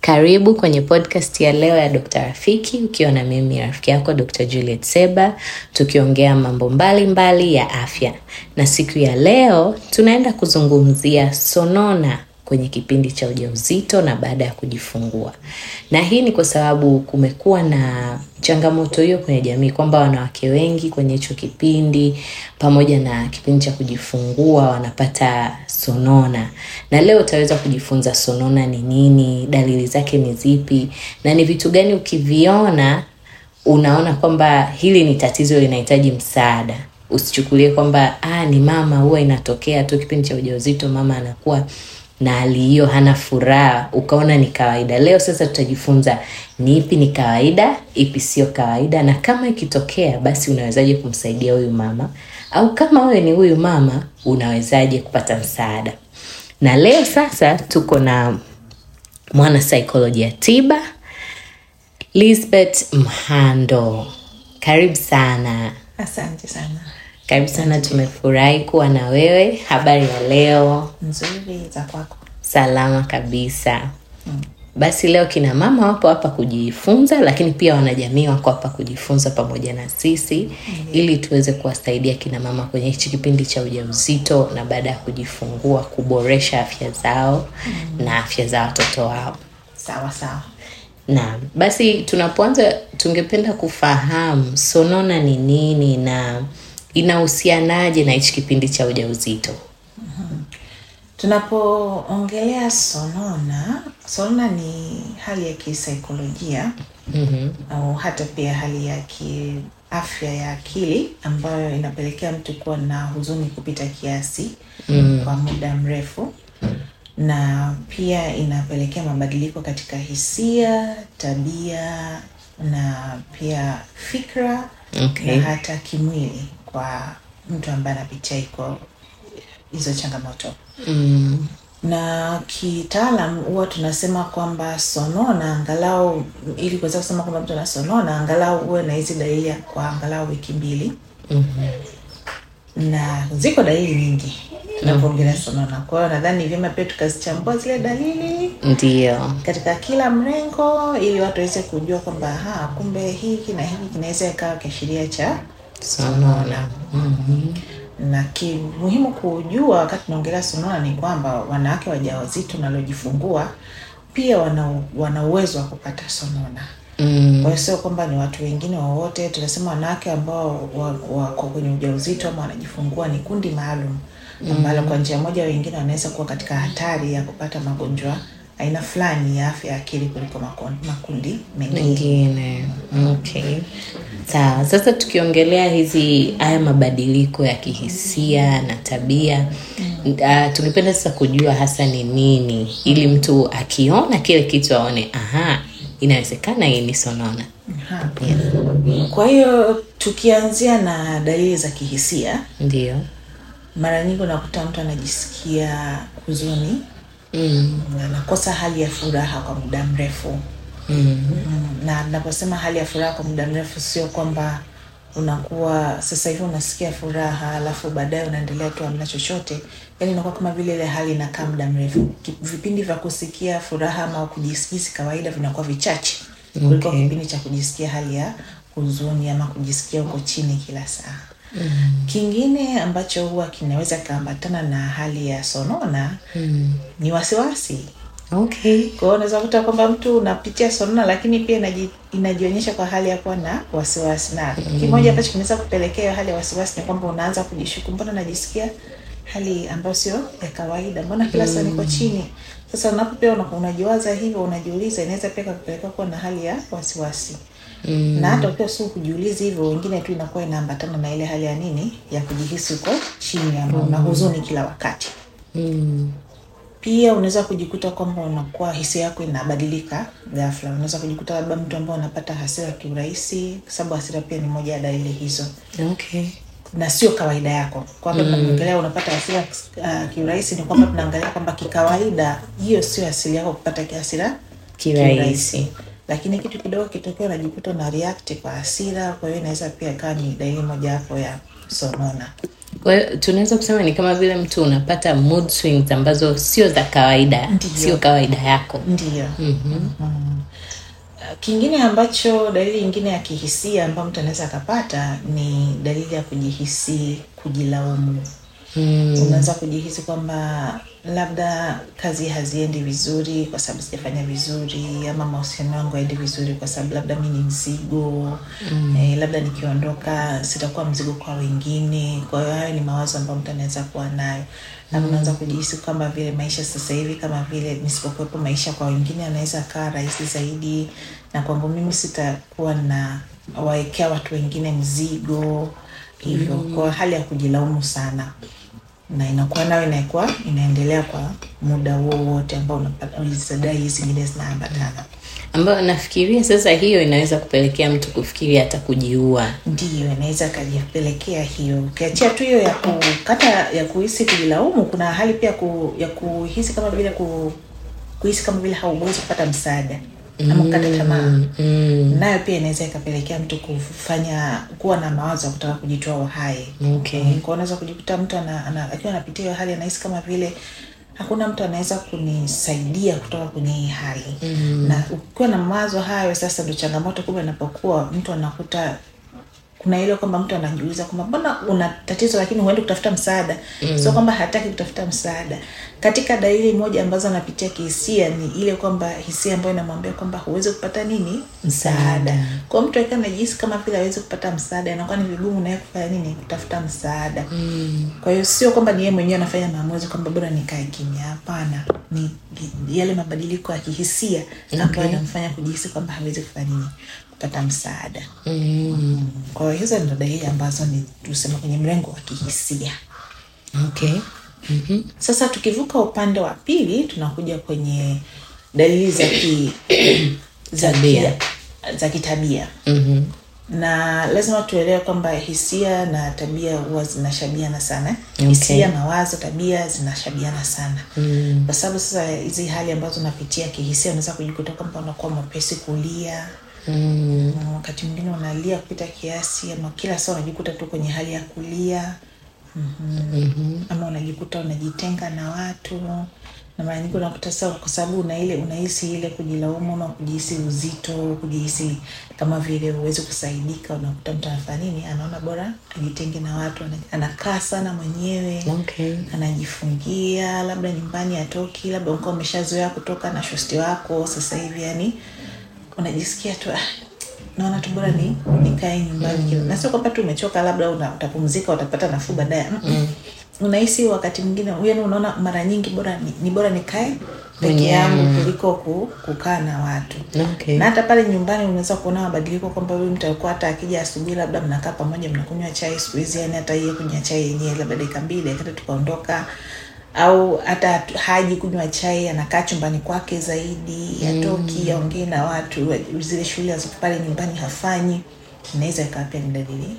karibu kwenye podcast ya leo ya Dokta Rafiki, ukiwa na mimi rafiki yako Dokta Juliet Seba, tukiongea mambo mbalimbali mbali ya afya, na siku ya leo tunaenda kuzungumzia sonona kwenye kipindi cha ujauzito na baada ya kujifungua. Na hii ni kwa sababu kumekuwa na changamoto hiyo kwenye jamii kwamba wanawake wengi kwenye hicho kipindi pamoja na kipindi cha kujifungua wanapata sonona, na leo utaweza kujifunza sonona ni nini, dalili zake ni zipi, na ni vitu gani ukiviona unaona kwamba hili ni tatizo linahitaji msaada. Usichukulie kwamba ah, ni mama, huwa inatokea tu kipindi cha ujauzito, mama anakuwa na hali hiyo hana furaha, ukaona ni kawaida. Leo sasa tutajifunza ni ipi ni kawaida, ipi sio kawaida, na kama ikitokea, basi unawezaje kumsaidia huyu mama, au kama wewe ni huyu mama, unawezaje kupata msaada. Na leo sasa tuko na mwana ya tiba Lisbeth Mhando, karibu sana. Asante sana. Karibu sana, tumefurahi kuwa na wewe. Habari ya leo? Nzuri, za kwako? Salama kabisa. Mm. Basi leo kina mama wapo hapa kujifunza, lakini pia wanajamii wako hapa kujifunza pamoja na sisi mm -hmm. ili tuweze kuwasaidia kina mama kwenye hichi kipindi cha ujauzito na baada ya kujifungua, kuboresha afya zao mm -hmm. na afya za watoto wao. Sawa sawa. Na basi tunapoanza, tungependa kufahamu sonona ni nini na inahusianaje na hichi kipindi cha ujauzito? Tunapoongelea sonona, sonona ni hali ya kisaikolojia mm-hmm. au hata pia hali ya kiafya ya akili ambayo inapelekea mtu kuwa na huzuni kupita kiasi mm-hmm. kwa muda mrefu na pia inapelekea mabadiliko katika hisia, tabia na pia fikra okay. na hata kimwili kwa mtu ambaye anapitia iko hizo changamoto mm. na kitaalam huwa tunasema kwamba sonona angalau, ili kuweza kusema kwamba mtu anasonona angalau huwe na hizi dalili kwa angalau wiki mbili mm -hmm. na ziko dalili nyingi tunavyoongelea mm -hmm. sonona. Kwa nadhani vyema pia tukazichambua zile dalili ndio katika kila mrengo, ili watu waweze kujua kwamba kumbe hiki na hiki kinaweza ikawa kiashiria cha sonona mm -hmm. na kimuhimu kujua wakati unaongelea sonona ni kwamba wanawake wajawazito nalojifungua pia wana, wana uwezo wa kupata sonona Mm. sio kwamba ni watu wengine wowote, tunasema wanawake ambao wako wa, wa, kwenye ujauzito ama wanajifungua ni kundi maalum ambalo mm. kwa njia moja wengine wanaweza kuwa katika hatari ya kupata magonjwa aina fulani ya afya ya akili kuliko makundi mengine. Mm. Okay. Sawa, sasa tukiongelea hizi haya mabadiliko ya kihisia na tabia uh, mm. ah, tungependa sasa kujua hasa ni nini, ili mtu akiona kile kitu aone aha, inawezekana hii ni sonona. Yes. Kwa hiyo tukianzia na dalili za kihisia, ndio mara nyingi unakuta mtu anajisikia huzuni mm. anakosa hali ya furaha kwa muda mrefu mm. Na naposema hali ya furaha kwa muda mrefu, sio kwamba unakuwa sasa hivi unasikia furaha alafu baadaye unaendelea tu amna chochote, yani inakuwa kama vile ile hali inakaa muda mrefu. Vipindi vya kusikia furaha ama kujihisi kawaida vinakuwa vichache kuliko okay, kipindi cha kujisikia hali ya huzuni ama kujisikia uko chini kila saa. Mm. Kingine ambacho huwa kinaweza kikaambatana na hali ya sonona mm, ni wasiwasi Okay. Kwa hiyo unaweza kuta kwamba mtu unapitia sonona, lakini pia inajionyesha kwa hali ya kuwa na wasiwasi, na mm. kimoja ambacho kinaweza kupelekea hiyo hali ya wasiwasi ni kwamba unaanza kujishuku, mbona najisikia hali ambayo sio ya kawaida, mbona kila mm. saa niko mm. chini? Sasa unapopia unajiwaza hivyo, unajiuliza, inaweza pia kakupelekea kuwa na hali ya wasiwasi. Mm. Na hata ukiwa sio kujiuliza hivyo, wengine tu inakuwa inaambatana na ile hali ya nini ya kujihisi uko chini, ambayo mm. una huzuni kila wakati mm. Pia unaweza kujikuta kwamba unakuwa hisia yako inabadilika ghafla. Unaweza kujikuta labda mtu ambaye unapata hasira kiurahisi, kwa sababu hasira pia ni moja ya dalili hizo. Okay na sio kawaida yako kwamba tunaongelea mm. unapata hasira uh, kiurahisi ni kwamba tunaangalia kwamba kikawaida hiyo sio asili yako kupata hasira kiurahisi, lakini kitu kidogo kitokea unajikuta una react kwa hasira. Kwa hiyo inaweza pia ikawa ni dalili mojawapo ya kusorona. Kwa hiyo tunaweza kusema ni kama vile mtu unapata mood swings ambazo sio za kawaida, sio kawaida yako. Ndio. mm-hmm. mm-hmm. Kingine ambacho dalili nyingine ya kihisia ambayo mtu anaweza akapata ni dalili ya kujihisi kujilaumu mm. unaanza kujihisi kwamba labda kazi haziendi vizuri kwa sababu sijafanya vizuri ama mahusiano yangu haendi vizuri kwa sababu labda mi ni mzigo mm. eh, labda nikiondoka sitakuwa mzigo kwa wengine kwa hiyo hayo ni mawazo ambayo mtu anaweza kuwa nayo mm. unaanza kujihisi kwamba vile maisha sasa hivi kama vile nisipokuwepo maisha kwa wengine anaweza kaa rahisi zaidi na kwangu mimi sitakuwa na waekea watu wengine mzigo hivyo mm. kwa hali ya kujilaumu sana na inakuwa nayo inakuwa inaendelea kwa muda huo wote ambao sadai hizi zingine zinaambatana, ambayo nafikiria sasa hiyo inaweza kupelekea mtu kufikiri hata kujiua. Ndiyo, inaweza kajipelekea hiyo, ukiachia tu hiyo ya kukata ya kuhisi kujilaumu, kuna hali pia ku, ya kuhisi kama vile ku, kuhisi kama vile hauwezi kupata msaada ama kukata mm, tamaa mm. nayo pia inaweza ikapelekea mtu kufanya kuwa na mawazo ya kutaka kujitoa uhai okay. Mm, kwao unaweza kujikuta mtu ana, ana, akiwa anapitia hiyo hali anahisi kama vile hakuna mtu anaweza kunisaidia kutoka kwenye hii hali mm. na ukiwa na mawazo hayo sasa ndo changamoto kubwa inapokuwa mtu anakuta kuna ile kwamba mtu anajiuliza kwamba mbona una tatizo lakini huendi kutafuta msaada mm. sio kwamba hataki kutafuta msaada katika dalili moja ambazo anapitia kihisia ni ile kwamba hisia ambayo inamwambia kwamba huwezi kupata nini msaada mm. kwa mtu akiwa anajihisi kama vile hawezi kupata msaada anakuwa ni vigumu naye kufanya nini kutafuta msaada mm. kwa hiyo sio kwamba ni yeye mwenyewe anafanya maamuzi kwamba bora nikae kimya hapana ni yale mabadiliko ya kihisia ambayo okay. anamfanya kujihisi kwamba hawezi kufanya nini kupata msaada mm. kwao hizo ndo dalili ambazo ni tusema kwenye mrengo wa kihisia okay. mm-hmm. sasa tukivuka upande wa pili tunakuja kwenye dalili za ki, za, kia, za kitabia mm-hmm na lazima tuelewe kwamba hisia na tabia huwa zinashabiana sana okay. hisia mawazo tabia zinashabiana sana mm. kwa mm. sababu sasa hizi hali ambazo unapitia kihisia unaweza kujikuta kwamba unakuwa mapesi kulia mm. na wakati mwingine unalia kupita kiasi ama kila saa unajikuta tu kwenye hali ya kulia mm-hmm. Mm-hmm. ama unajikuta unajitenga na watu na mara nyingi unakuta saa kwa sababu una ile unahisi ile kujilaumu ama kujihisi uzito kujihisi kama vile huwezi kusaidika unakuta mtu anafanya nini anaona bora ajitenge na watu anakaa sana mwenyewe okay. anajifungia labda nyumbani atoki labda uka umeshazoea kutoka na shosti wako sasa hivi yani unajisikia tu ah, naona tu bora ni nikae nyumbani mm. na sio kwamba tu umechoka labda una, utapumzika utapata nafuu baadaye mm. unahisi wakati mwingine yani unaona mara nyingi bora ni, ni bora nikae peke mm. yangu kuliko ku, kukaa na watu okay. na hata pale nyumbani unaweza kuona mabadiliko kwamba huyu mtu alikuwa hata akija asubuhi labda mnakaa pamoja mnakunywa chai siku hizi yani hata iye kunywa chai yenyewe labda dakika mbili dakika tatu tukaondoka au hata haji kunywa chai anakaa chumbani kwake zaidi yatoki mm. aongee na watu zile shughuli azoko pale nyumbani hafanyi inaweza ikawa pia ni dalili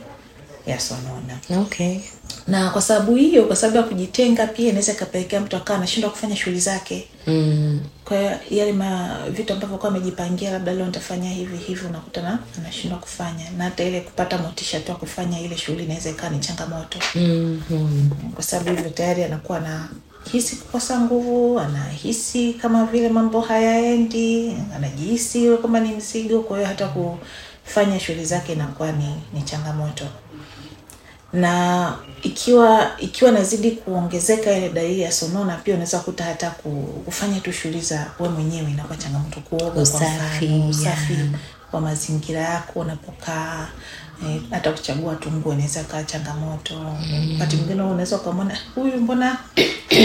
ya sonona okay na kwa sababu hiyo kwa sababu ya kujitenga pia inaweza ikapelekea mtu akawa anashindwa kufanya shughuli zake mm. kwa hiyo yale ma vitu ambavyo kuwa amejipangia labda leo nitafanya hivi hivi unakuta na anashindwa kufanya na hata ile kupata motisha tu kufanya ile shughuli inaweza ikawa ni changamoto mm-hmm. kwa sababu hivyo tayari anakuwa na hisi kukosa nguvu anahisi kama vile mambo hayaendi anajihisi kwamba ni mzigo kwa hiyo hata kufanya shughuli zake inakuwa ni, ni changamoto na ikiwa ikiwa nazidi kuongezeka ile dalili ya sonona, pia unaweza kuta hata kufanya tu shughuli za we mwenyewe inakuwa changamoto, kuoga, usafi, usafi kwa mazingira yako unapokaa eh, hata kuchagua tu nguo inaweza kaa changamoto. Wakati mm. mwingine unaweza ukamwona huyu, mbona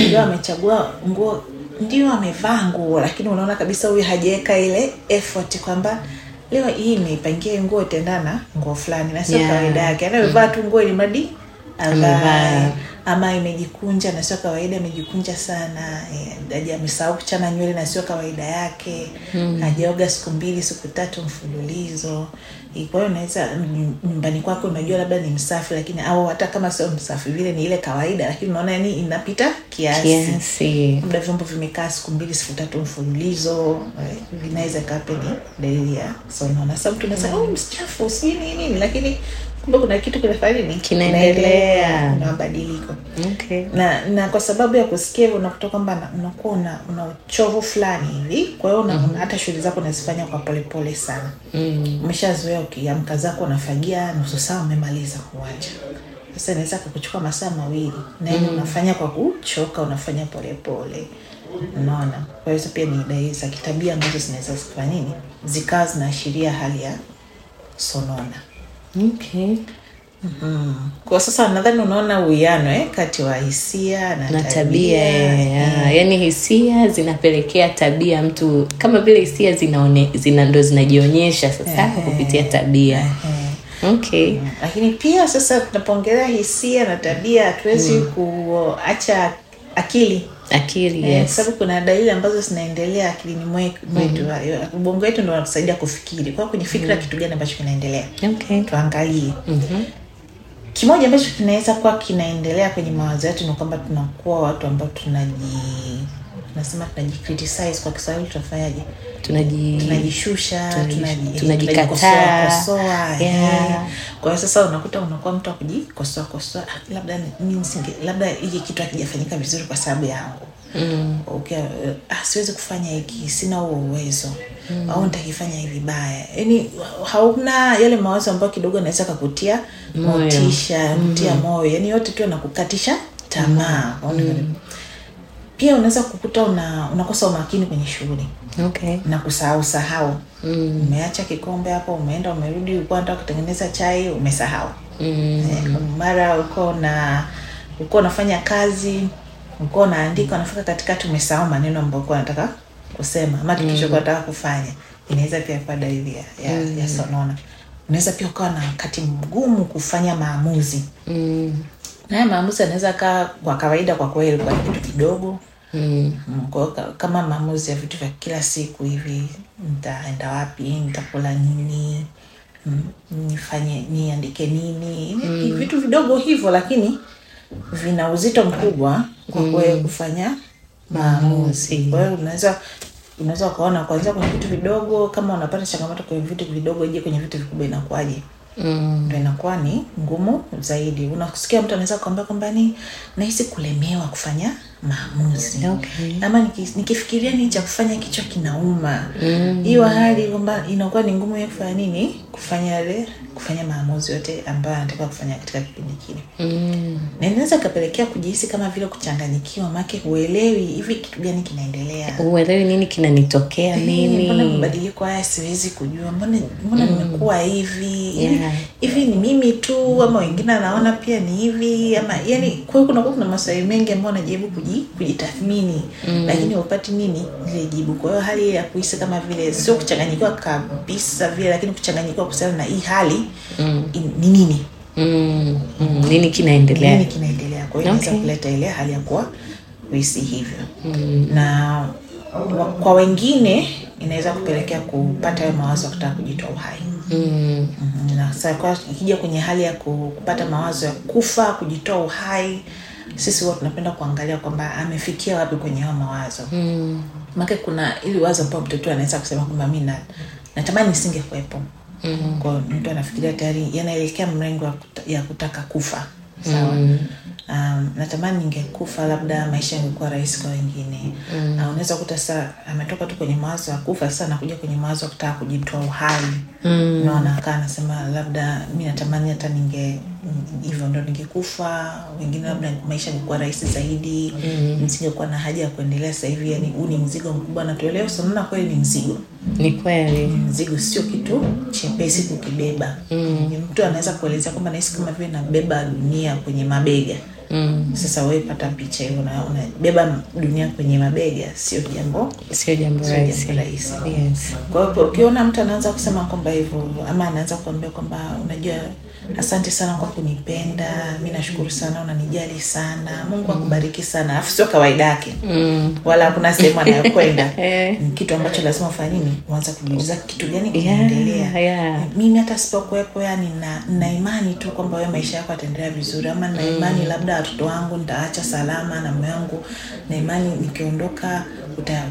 ndio amechagua nguo, ndio amevaa nguo, lakini unaona kabisa huyu hajaweka ile effort kwamba mm leo hii nipaigie nguo itaendana na nguo fulani na sio yeah. kawaida yake anavaa tu nguo ni madi avae ama imejikunja na sio kawaida, imejikunja sana e, amesahau kuchana nywele na sio kawaida yake mm. hajaoga siku mbili siku tatu mfululizo e, kwa hiyo unaweza nyumbani kwako unajua labda ni msafi, lakini au hata kama sio msafi vile ni ile kawaida, lakini unaona yani inapita kiasi, kiasi. labda vyombo vimekaa siku mbili siku tatu mfululizo e, vinaweza kape ni dalili ya sonona. Sasa mtu unasema mm. Oh, msichafu mchafu nini, lakini kumbe kuna kitu kile faili kinaendelea na mabadiliko okay. na na kwa sababu ya kusikia hivyo unakuta kwamba unakuwa una, una uchovu fulani hivi kwa hiyo mm-hmm. hata shughuli zako unazifanya kwa polepole pole sana mm-hmm. ukiamka zako unafagia nusu saa umemaliza kuwacha sasa inaweza kakuchukua masaa mawili na mm-hmm. unafanya kwa kuchoka unafanya polepole pole unaona kwa hizo pia ni dalili za kitabia ambazo zinaweza zikafanya nini zikawa zinaashiria hali ya sonona Mm. Kwa sasa nadhani unaona uwiano eh, kati wa hisia na, na tabia, yeah. Mm. yani hisia zinapelekea tabia mtu, kama vile hisia zinaone zina ndo zinajionyesha sasa yeah. kupitia tabia yeah. Okay. Yeah. Mm. Lakini pia sasa tunapoongelea hisia na tabia hatuwezi mm. kuacha akili akili eh, yes. Eh, sababu kuna dalili ambazo zinaendelea akilini mwetu mm-hmm. Ubongo wetu ndo unatusaidia kufikiri kwa kwenye fikira mm-hmm. Kitu gani ambacho kinaendelea okay. Tuangalie mm-hmm. Kimoja ambacho kinaweza kuwa kinaendelea kwenye mawazo yetu ni kwamba tunakuwa watu ambao tunaji tunasema tunajicriticize kwa Kiswahili tunafanyaje? Tunaji, tunajishusha tunajikataa tunaji, tunaji yeah. Kwa hiyo sasa unakuta unakuwa mtu wa kosoa, ah, labda nisinge, labda hiki kitu hakijafanyika vizuri kwa sababu yangu mm. Okay, uh, ah, siwezi kufanya hiki, sina huo uwezo mm. au nitakifanya hivi baya, yaani hauna yale mawazo ambayo kidogo anaweza kakutia motisha mtia mm. moyo, yaani yote tu anakukatisha tamaa mm pia unaweza kukuta una, unakosa umakini kwenye shughuli okay. na kusahau sahau mm. umeacha kikombe hapo umeenda umerudi ulikuwa nataka kutengeneza chai umesahau mm. eh, mara uko na ulikuwa unafanya kazi ulikuwa unaandika unafika katikati umesahau maneno ambayo ulikuwa unataka kusema ama kitu mm. nataka kufanya inaweza pia kuwa dalili ya, ya, mm. ya sonona unaweza pia ukawa na wakati mgumu kufanya maamuzi mm na eh, maamuzi anaweza kaa kwa kawaida kwa kweli kwa kitu kidogo mm. mm kwa, kama maamuzi ya vitu vya kila siku hivi nitaenda wapi nitakula nini mm, nifanye niandike nini mm. vitu vidogo hivyo lakini vina uzito mkubwa kwa mm. kwewe kufanya maamuzi mm. kwa hiyo unaweza unaweza ukaona kuanzia kwenye vitu vidogo kama unapata changamoto kwenye vitu vidogo je kwenye vitu vikubwa inakuwaje mm mm. ndo inakuwa ni ngumu zaidi. Unasikia mtu anaweza kuambia kwamba ni nahisi kulemewa kufanya maamuzi okay. ama nikifikiria ni cha kufanya kichwa kinauma mm. hiyo mm. hali kwamba inakuwa ni ngumu ya kufanya nini kufanya yale kufanya maamuzi yote ambayo anataka kufanya katika kipindi kile mm. na inaweza ikapelekea kujihisi kama vile kuchanganyikiwa make huelewi hivi kitu gani kinaendelea huelewi nini kinanitokea eh, mimi mbona mabadiliko haya siwezi kujua mbona mbona mm. nimekuwa hivi yeah. hivi ni mimi tu ama wengine anaona pia ni hivi ama yani kwa hiyo kunakuwa kuna maswali mengi ambayo anajaribu kujitathmini mm. lakini haupati nini lile jibu kwa hiyo hali ya kuhisi kama vile sio kuchanganyikiwa kabisa vile lakini kuchanganyikiwa kuhusiana na hii hali mm. ni nini mm. Mm. nini kinaendelea nini kinaendelea kwa hiyo okay. kuleta ile hali ya kuwa kuhisi hivyo mm. na kwa wengine inaweza kupelekea kupata hayo mawazo ya kutaka kujitoa uhai mm. mm-hmm. na sasa ikija kwenye hali ya kupata mawazo ya kufa kujitoa uhai sisi huwa tunapenda kuangalia kwamba amefikia wapi kwenye hayo mawazo mm. make kuna ili wazo ambayo mtoto anaweza kusema kwamba mi natamani nisingekuwepo mm. kwao mtu anafikiria tayari yanaelekea mrengo ya, ya kutaka kufa sawa mm. um, natamani ningekufa labda maisha yangekuwa rahisi kwa wengine mm. uh, unaweza kukuta sasa ametoka tu kwenye mawazo ya kufa sasa anakuja kwenye mawazo ya kutaka kujitoa uhai mm mm. naona akaa labda mi natamani hata ninge hivyo ndo ningekufa wengine labda maisha angekuwa rahisi zaidi mm. na haja ya kuendelea sahivi yani huu ni mzigo mkubwa natuelewa sonaona kweli ni mzigo ni kweli mzigo sio kitu chepesi kukibeba mm. mtu anaweza kuelezea kwamba nahisi kama vile nabeba dunia kwenye mabega mm. Sasa wewe pata picha hiyo, unabeba dunia kwenye mabega, sio jambo sio jambo rahisi rahisi. Yes. Kwa hiyo ukiona mtu anaanza kusema kwamba hivyo ama anaanza kuambia kwamba unajua Asante sana kwa kunipenda, mi nashukuru sana, unanijali sana, Mungu akubariki sana. Alafu sio kawaida yake mm. wala hakuna sehemu anayokwenda eh. kitu ambacho lazima ufanyini uanza kujiuliza kitu gani kinaendelea. yeah, yeah. Mimi hata sipokuwepo, yani na imani tu kwamba wewe maisha yako ataendelea vizuri, ama na imani mm. labda watoto wangu nitaacha salama na mume wangu, na imani nikiondoka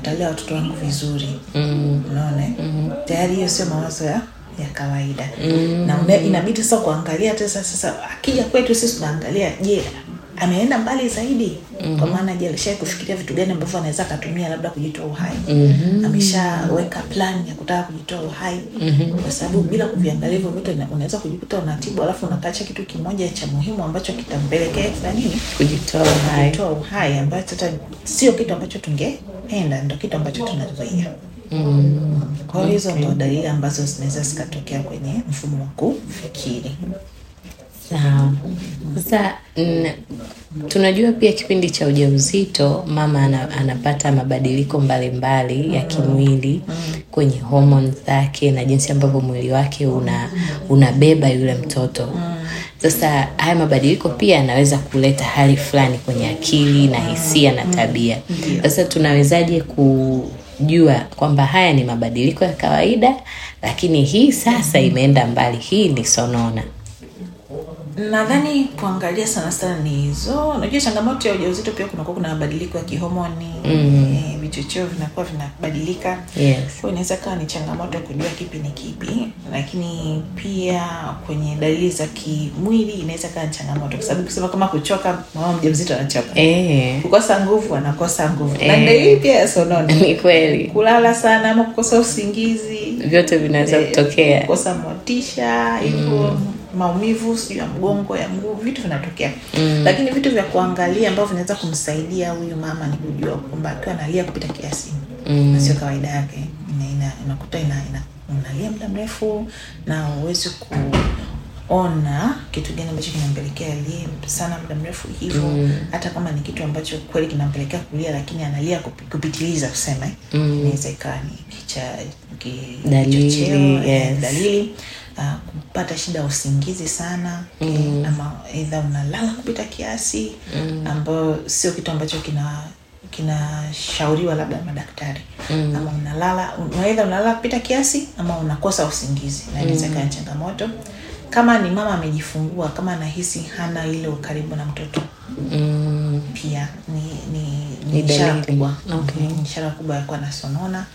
utalea watoto wangu vizuri mm. unaona mm. hmm tayari hiyo sio mawazo ya ya kawaida mm-hmm. na inabidi sasa kuangalia tesa sasa akija kwetu sisi tunaangalia je yeah. ameenda mbali zaidi mm-hmm. kwa maana je alishai kufikiria vitu gani ambavyo anaweza akatumia labda kujitoa uhai mm-hmm. ameshaweka plan ya kutaka kujitoa uhai mm-hmm. kwa sababu bila kuviangalia hivyo vitu unaweza kujikuta unatibu alafu unakacha kitu kimoja cha muhimu ambacho kitampelekea na nini kujitoa uhai, kujitoa uhai ambacho sio kitu ambacho tungeenda ndo kitu ambacho tunazuia Mm. Kwa hiyo hizo ndo dalili ambazo zinaweza zikatokea kwenye mfumo wa kufikiri. Sawa. Sasa mm, tunajua pia kipindi cha ujauzito mama ana, anapata mabadiliko mbalimbali mbali ya mm. kimwili kwenye homoni zake na jinsi ambavyo mwili wake una unabeba yule mtoto. Sasa haya mabadiliko pia yanaweza kuleta hali fulani kwenye akili na hisia na tabia. Sasa tunawezaje ku jua kwamba haya ni mabadiliko ya kawaida, lakini hii sasa imeenda mbali, hii ni sonona nadhani kuangalia sana sana ni hizo unajua changamoto ya ujauzito pia kunakuwa kuna mabadiliko ya kihomoni vichocheo mm-hmm. e, vinakuwa vinabadilika yes. kwao inaweza kawa ni changamoto ya kujua kipi ni kipi lakini pia kwenye dalili za kimwili inaweza kawa ni changamoto kwa sababu kusema kama kuchoka mama mja mzito anachoka eh. kukosa nguvu anakosa nguvu eh. na dalili pia ya ni kweli kulala sana ama kukosa usingizi vyote vinaweza eh, kutokea kukosa motisha hivyo mm maumivu sijui ya mgongo ya mguu vitu vinatokea mm. lakini vitu vya kuangalia ambavyo vinaweza kumsaidia huyu mama ni kujua kwamba akiwa analia kupita kiasi mm. na sio kawaida yake inakuta ina, ina, ina, ina, unalia muda mrefu na uwezi ku ona kitu gani ambacho kinampelekea alie sana muda mrefu hivyo mm. hata kama ni kitu ambacho kweli kinampelekea kulia lakini analia kupitiliza kusema mm. inaweza ikawa ni picha kichocheo eh, yes. dalili uh, kupata shida ya usingizi sana mm. ama unalala kupita kiasi mm. Mm-hmm. ambayo sio kitu ambacho kina kinashauriwa labda madaktari mm. ama unalala aidha unalala kupita kiasi ama unakosa usingizi na inaweza mm. changamoto kama ni mama amejifungua kama anahisi hana ile ukaribu na mtoto mm. pia ni ni, ni, ni ishara kubwa okay. ishara kubwa ya kuwa nasonona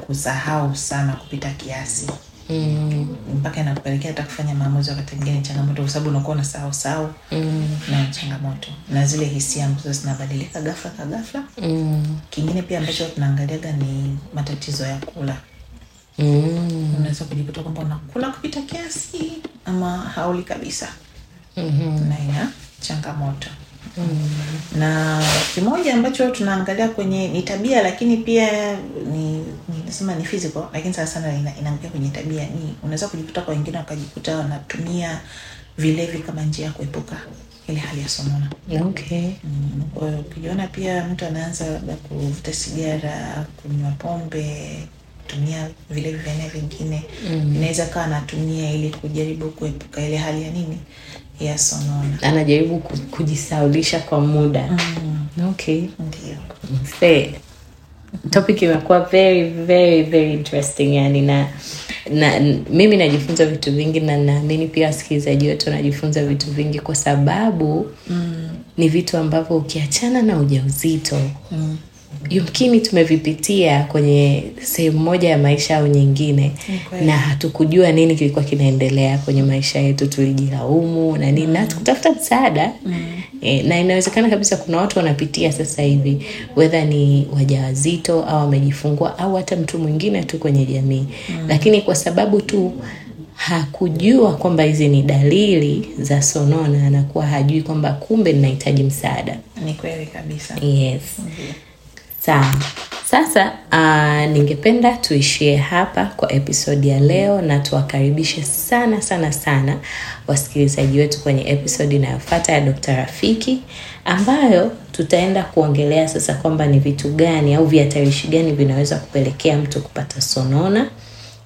kusahau sana kupita kiasi mm. mpaka inakupelekea hata kufanya maamuzi wakati mwingine changamoto, kwa sababu unakuwa unasahau sahau mm. na changamoto na zile hisia ambazo zinabadilika ghafla kwa ghafla mm. Kingine pia ambacho tunaangaliaga ni matatizo ya kula mm. Unaweza kujikuta kwamba unakula kupita kiasi ama hauli kabisa mm -hmm. na ina changamoto na kimoja ambacho tunaangalia kwenye ni tabia lakini pia ni nasema ni physical lakini sana sana inaangalia kwenye tabia ni unaweza kujikuta kwa wengine wakajikuta wanatumia vilevi kama njia ya kuepuka ile hali ya somona Okay. Mm, ukijiona mtu anaanza labda kuvuta sigara, kunywa pombe, tumia vile vya vingine mm. inaweza kawa anatumia ili kujaribu kuepuka ile hali ya nini Yes, anajaribu kujisaulisha kwa muda mm. Okay, topic imekuwa very very very interesting yani na na mimi najifunza vitu vingi na naamini pia wasikilizaji wetu wanajifunza vitu vingi kwa sababu mm. ni vitu ambavyo ukiachana na ujauzito mm yumkini tumevipitia kwenye sehemu moja ya maisha au nyingine okay. na hatukujua nini kilikuwa kinaendelea kwenye maisha yetu tulijilaumu na nini mm. na tukutafuta msaada mm. e, na inawezekana kabisa kuna watu wanapitia sasa hivi wedha ni wajawazito au wamejifungua au hata mtu mwingine tu kwenye jamii mm. lakini kwa sababu tu hakujua kwamba hizi ni dalili za sonona anakuwa hajui kwamba kumbe ninahitaji msaada ni kweli kabisa yes mm-hmm Sawa. Sasa uh, ningependa tuishie hapa kwa episodi ya leo na tuwakaribishe sana sana sana wasikilizaji wetu kwenye episodi inayofuata ya Dokta Rafiki ambayo tutaenda kuongelea sasa kwamba ni vitu gani au vihatarishi gani vinaweza kupelekea mtu kupata sonona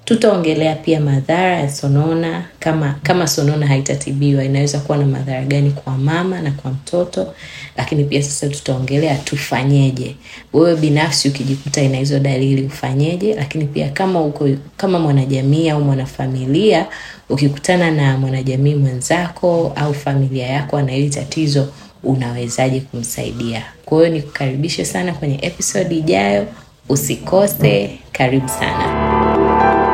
Tutaongelea pia madhara ya sonona, kama kama sonona haitatibiwa inaweza kuwa na madhara gani kwa mama na kwa mtoto. Lakini pia sasa tutaongelea tufanyeje, wewe binafsi ukijikuta ina hizo dalili ufanyeje. Lakini pia kama uko kama mwanajamii au mwanafamilia, ukikutana na mwanajamii mwenzako au familia yako ana hili tatizo, unawezaje kumsaidia? Kwa hiyo nikukaribishe sana kwenye episodi ijayo, usikose. Karibu sana.